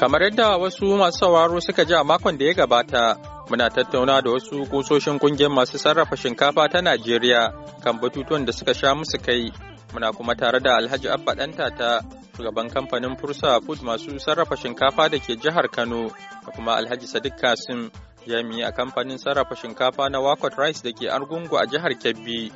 Kamar yadda wasu masu sauraro suka ji a makon da ya gabata, muna tattauna da wasu kusoshin kungiyar masu sarrafa shinkafa ta Najeriya kan batutuwan da suka sha musu kai. Muna kuma tare da Alhaji Abba ɗanta ta shugaban kamfanin Fursa Food masu sarrafa shinkafa da ke jihar Kano da kuma Alhaji Sadiq Kasim jami'i a kamfanin sarrafa shinkafa na Wakot Rice da ke Argungu a jihar Kebbi.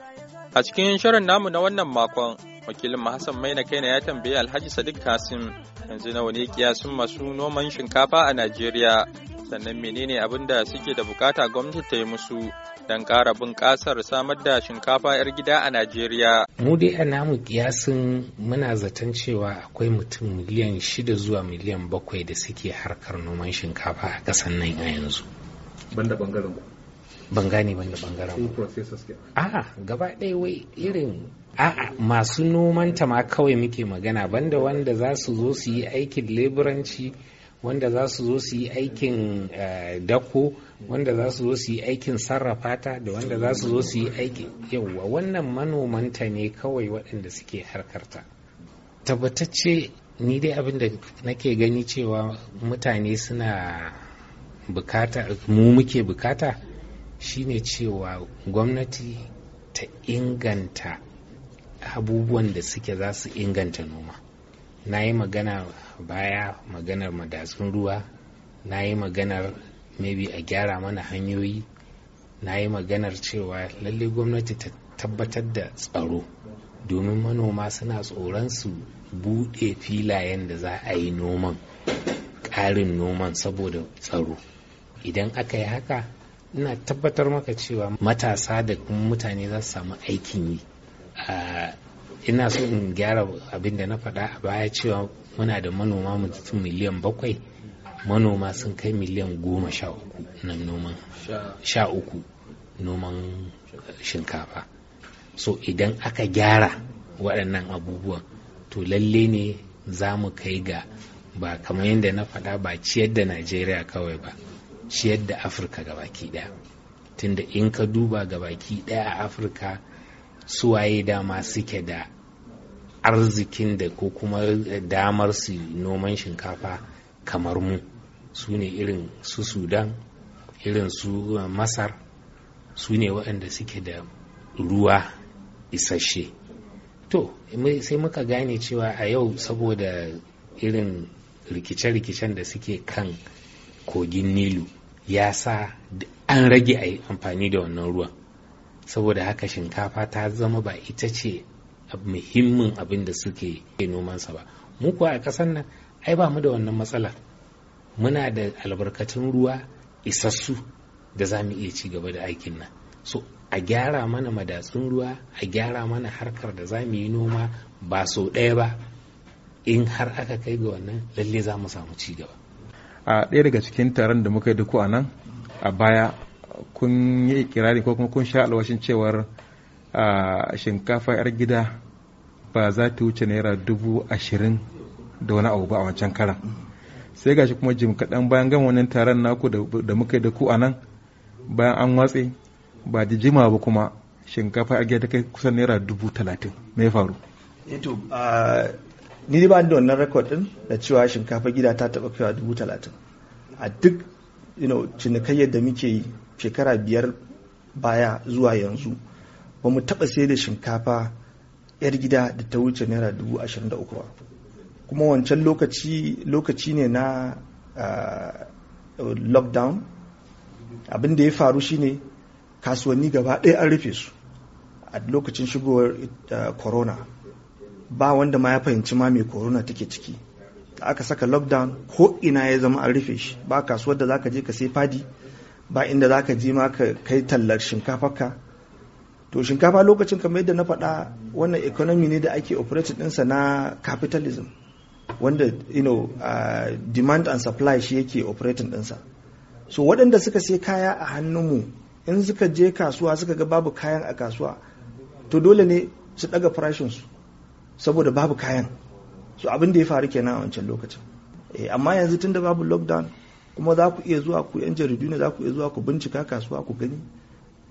A cikin shirin namu na wannan makon, wakilin Hassan Maina Kaina ya tambayi Alhaji Sadiq Kasim yanzu nawa ne kiyasin masu noman shinkafa a Najeriya sannan menene abin da suke da bukata gwamnati ta yi musu don ƙara bunƙasar samar da shinkafa 'yar gida a Najeriya. Mu dai a namu kiyasin muna zaton cewa akwai mutum miliyan shida zuwa miliyan bakwai da suke harkar noman shinkafa a ƙasar nan a yanzu. Banda bangaren ku. ban gane wanda bangaren a gaba ɗaya wai irin a masu noman ta ma kawai muke magana banda wanda za su zo su yi aikin leburanci wanda za su zo su yi aikin eh, dako wanda za su zo su yi aikin sarrafa ta da wanda za su zo su yi aikin yauwa wannan manoman ta ne kawai waɗanda suke harkar ta. tabbatacce ni dai abin da nake gani cewa mutane suna bukata mu muke bukata shine cewa gwamnati ta inganta abubuwan da suke za su inganta noma na yi magana baya maganar madatsun ruwa na yi maganar maybe a gyara mana hanyoyi na yi maganar cewa lalle gwamnati ta tabbatar da tsaro domin manoma suna tsoron su buɗe filayen da za a yi noman ƙarin noman saboda tsaro idan aka yi haka ina tabbatar maka cewa matasa da mutane za su samu aikin yi ina so in gyara abin da na faɗa a baya cewa muna da manoma mutum miliyan bakwai manoma sun kai miliyan goma sha uku na noman sha uku noman shinkafa so idan aka gyara waɗannan abubuwan to lalle ne za mu kai ga ba kamar yadda na faɗa ba ciyar da najeriya kawai ba ciyar da afirka gabaki daya tunda in ka duba gabaki daya a afirka suwaye dama suke da arzikin da ko kuma eh, damar su noman shinkafa kamar mu su ne irin su sudan irin su eh, masar su ne waɗanda suke da ruwa isasshe to sai muka gane cewa a yau saboda irin rikice-rikicen da suke kan kogin nilu ya sa an rage a yi amfani da wannan ruwan saboda haka shinkafa ta zama ba ita ce muhimmin abin da suke nomansa ba mu kuwa a ƙasar nan ai ba mu da wannan matsala muna da albarkatun ruwa isassu da za mu iya ci gaba da aikin nan so a gyara mana madatsun ruwa a gyara mana harkar da za mu yi noma ba sau ɗaya ba in har aka kai ga wannan lalle za mu samu ci gaba a ɗaya daga cikin taron da muka yi duku a nan a baya kun yi ikirari ko kuma kun sha alwashin cewar shinkafa 'yar gida ba za ta wuce naira dubu ashirin da wani abu ba a wancan karan sai gashi kuma jim kaɗan bayan gama wannan taron naku da muka yi da ku a nan bayan an watse ba da jima ba kuma shinkafa yar gida ta kai kusan naira dubu talatin ya faru eh ni dai ba da wannan rekod din da cewa shinkafa gida ta taba kaiwa dubu talatin a duk you know, cinikayyar da muke yi shekara biyar baya zuwa yanzu ba mu taba sai da shinkafa yar gida da ta wuce naira dubu ashirin da uku ba kuma wancan lokaci lokaci ne na uh, lockdown abin da ya faru shine kasuwanni gaba ɗaya an rufe su a lokacin shigowar uh, corona ba wanda ma ya fahimci ma mai corona take ciki da aka saka lockdown ko ina ya zama an rufe shi ba kasuwar da zaka je ka sai fadi ba inda zaka je ma ka kai tallar shinkafarka to shinkafa lokacin kamar yadda na faɗa wannan economy ne da ake operating ɗinsa na capitalism wanda you know uh, demand and supply shi yake operating ɗinsa so waɗanda suka sai kaya a hannunmu in suka je kasuwa suka ga babu kayan a kasuwa to dole ne su ɗaga farashinsu saboda babu kayan so abin da ya faru kenan a wancan lokacin eh, amma yanzu tun da babu lockdown kuma za ku iya zuwa ku yan jaridu ne za ku iya zuwa ku bincika kasuwa ku gani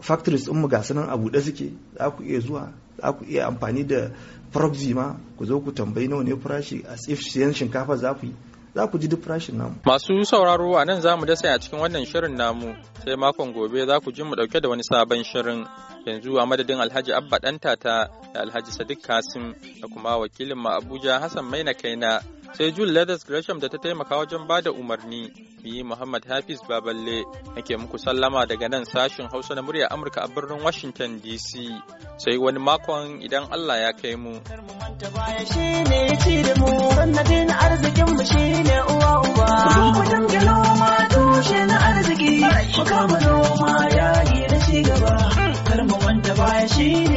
factories mu ga sunan a buɗe suke za ku iya zuwa za ku iya amfani da proxy ma ku zo ku tambayi nawa ne farashi a if siyan shinkafa za ku yi za ku ji duk farashin namu. Masu sauraro a nan za mu dasa a cikin wannan shirin namu sai makon gobe za ku ji mu dauke da wani sabon shirin yanzu a madadin Alhaji Abba Dantata da Alhaji Sadiq Kasim da kuma wakilin mu Abuja Hassan Maina Kaina sai Jul Leathers Gresham da ta taimaka wajen bada umarni yi Muhammad Hafiz Baballe nake muku sallama daga nan sashin Hausa na murya Amurka a birnin Washington DC sai wani makon idan Allah ya kai mu. Wanta baya shi ne ya ci da mu, sannadin arzikinmu shi ne uwa uba. Kudin kudin noma tushe na arziki, mu kama noma yayi na ci gaba. Karma wanda baya shi ne